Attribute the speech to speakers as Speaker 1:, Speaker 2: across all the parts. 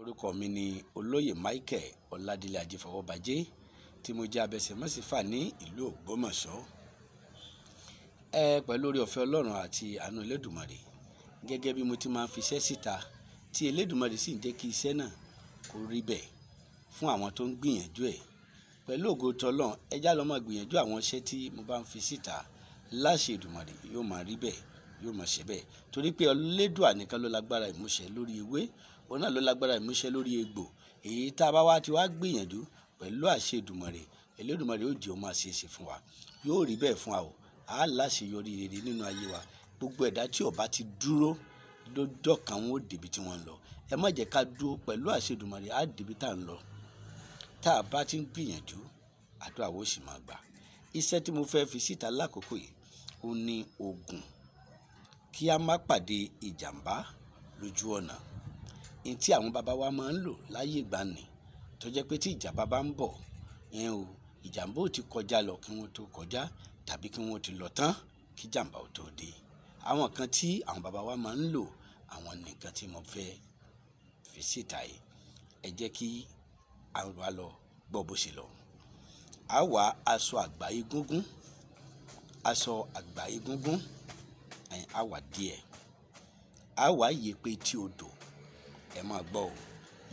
Speaker 1: orúkọ mi ni olóyè michael ọládélé ajífọwọ́bajé tí mo jẹ́ abẹsẹ̀mọ́sífà ní ìlú ògbómọ̀ṣọ́ ẹ pẹ̀lú orí ọ̀fẹ́ ọlọ́run àti àánú elédùmarè gẹ́gẹ́ bí mo ti máa ń fi iṣẹ́ síta tí elédùmarè sì ń jẹ́ kí iṣẹ́ náà kó rí bẹ́ẹ̀ fún àwọn tó ń gbìyànjú ẹ̀ pẹ̀lú ògo tọlọ́n ẹjá lọ́ máa gbìyànjú àwọn iṣẹ́ tí mo bá ń fi síta láṣẹ Èdùmàrè yóò máa rí bẹ́ẹ̀ yóò máa ṣe bẹ́ẹ̀ torí pé Ẹlẹ́dùà nìkan ló lágbára ìmúṣẹ lórí ewé òun náà ló lágbára ìmúṣẹ lórí egbò èyí tá a bá wá ti wá gbìyànjú pẹ̀lú àṣẹ Èdùmàrè Elédùmarè ó jẹ́ ó máa ṣeéṣe fún wa yóò rí bẹ́ẹ̀ fún wa o á láṣeyọrí rere nínú ayé wa gbogbo ẹ̀dá tí ó bá ti dúró lọ́jọ́ kan wọn ó débi tí wọ́n ń lọ ẹ má jẹ́ ká dúró pẹ̀lú àṣẹ Èdùmàrè á débi tá à ń lọ tá a bá ti ń gbìyànjú àdúrà wo sì máa gbà iṣẹ́ tí mo fẹ́ fi síta lákòókò yìí ó ní ogun kí a má pàdé ìjàmbá lójú ọ̀nà ní tí àwọn bàbá wa máa ń lò láyé ìgbàanì tó jẹ́ pé tí ìjà bàbá ń bọ̀ ẹn o ìjàmbá ò ti kọjá lọ kí wọ́n tó kọjá tàbí kí wọ́n ti lọ tán kí jàmbá ò tó dé àwọn kan tí àwọn bàbá wa máa ń lò àwọn nìkan tí mo fẹ́ fi síta yìí ẹ jẹ́ kí àwọn wa lọ gbọ́ bó ṣe lọ. a wá aṣọ àgbà egúngún aṣọ àgbà egúngún a wá díẹ̀ a wá yèpè tí odò ẹ máa gbọ́ o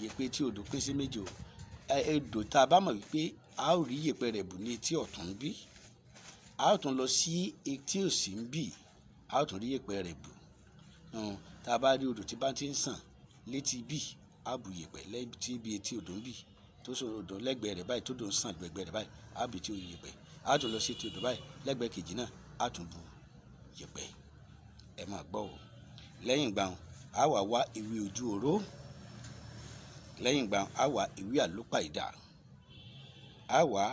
Speaker 1: yèpè tí odò pín sí méjì o odò tá a bá mọ̀ wípé a ó rí yèpè rẹ̀ bù ní etí ọ̀tún ń bí a ó tún lọ sí etí òsì ń bí a ó tún rí yèpè rẹ̀ bù tá a bá rí odò tí bá ti ń sàn létí bí a bù yèpè létí bí etí odò ń bí tó so odò lẹ́gbẹ̀ẹ́ rẹ̀ báyìí tó dò ń sàn gbẹ̀gbẹ̀ rẹ̀ báyìí a bù etí yèpè a tún lọ sí etí odò báyìí lẹ́gbẹ̀ẹ́ kejì náà a tún bù yèpè ẹ máa gbọ́ o lẹ́yìn ìgbà a wà wá ìwé ojú oró lẹ́yìn ìgbà a wà ìwé àlópàìdà a wà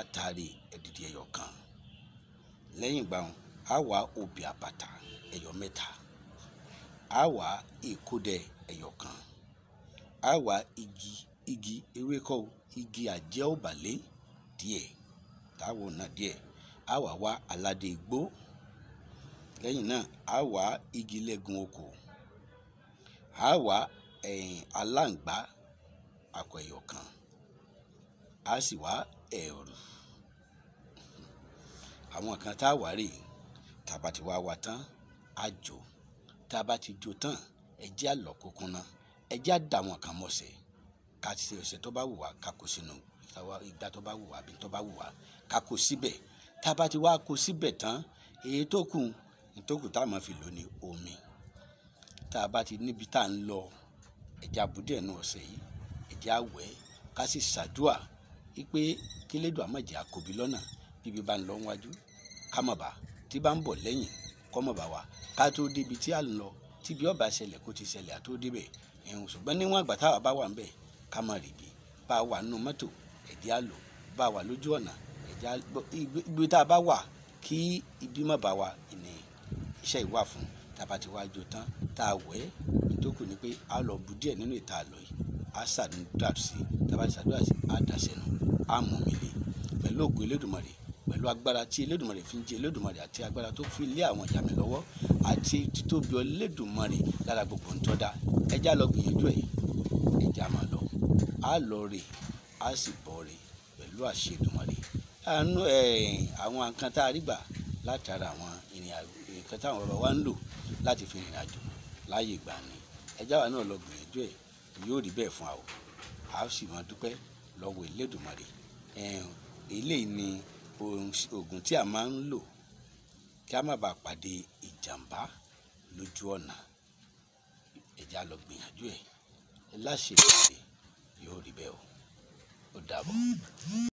Speaker 1: àtàrí ẹ̀dìdì ẹ̀yọ kan lẹ́yìn ìgbà a wà obì àbàtà ẹ̀yọ mẹ́ta a wà ìkódẹ ẹ̀yọ kan a wà igi igi ewéko igi àjẹ́ òbàlẹ̀ díẹ̀ táwọn náà díẹ̀ a wà wá aládé igbó lẹ́yìn náà a wá igi lẹ́gun okò a wá ẹ̀yìn aláǹgbá àpẹ̀yọ̀ kan a sì wá ẹ̀rù àwọn kan tá a wá rèé tàbá ti wá wa tán a jò tàbá ti jò tán ẹjẹ́ àlọ́ kókún náà ẹjẹ́ àdá àwọn kan mọ̀ọ́sẹ̀ ká ti ṣe ọ̀sẹ̀ tó bá wù wá ká sínú ìgbà tó bá wù wá àbí tó bá wù wá ká síbẹ̀ tàbá ti wá kó síbẹ̀ tán èyí tó kù ìtókù tá a máa fi lò ní omi tá a bá ti níbi tá a ń lọ ẹ̀jẹ̀ àbúdẹ̀ nu ọ̀sẹ̀ yìí ẹ̀jẹ̀ àwẹ̀ ká sì ṣàdúà wípé kílédùn àmọ̀jẹ̀ àkòbí lọ́nà bíbi bá ń lọ wájú ká mọ̀ bá tí bá ń bọ̀ lẹ́yìn kọ́ mọ̀ bá wa ká tó débi tí a ń lọ tíbi ọba ṣẹlẹ̀ kó ti ṣẹlẹ̀ àtó débẹ̀ ẹ̀hún ṣùgbọ́n níwọ̀n àgbà táwa bá wà ń bẹ̀ ká mọ̀ rìbí bá wà nínú mọ́tò ẹ̀jẹ̀ á bá wà lójú ọ̀nà ẹ̀jẹ̀ á tá a bá wà kí ibi má bá wa ìnìyàn iṣẹ́ yìí wà fún tàbá ti wá jó tán tá a wẹ̀ ní tó kù ni pé a lọ bu díẹ̀ nínú ìta àlọ́ yìí a ṣàdúrà sí tàbá ti ṣàdúrà sí a dàṣẹnu a mọ̀ mí lé pẹ̀lú ògùn Elédùmarè pẹ̀lú agbára tí Elédùmarè fi ń jẹ Elédùmarè àti agbára tó fi lé àwọn ìyá mi lọ́wọ́ àti títóbi Elédùmarè lára gbogbo ń tọ́da ẹja lọ gbìyànjú ẹ̀ ẹja máa lọ a lọ rè a sì bọ̀ rè pẹ̀lú àṣẹ látara àwọn ìrìnàjò nǹkan táwọn ọ̀rọ̀ wa ń lò láti fi rìnrìn àjò láàyè ìgbà ni ẹjá wa náà lọ gbìyànjú ẹ̀ yóò rí bẹ́ẹ̀ fún wa o a sì máa dúpẹ́ lọ́wọ́ Elédùmarè eléyìí ni oògùn tí a máa ń lò kí a má bàa pàdé ìjàmbá lójú ọ̀nà ẹjá lọ gbìyànjú ẹ̀ láṣẹ ìpàdé yóò rí bẹ́ẹ̀ o ó dàbọ̀.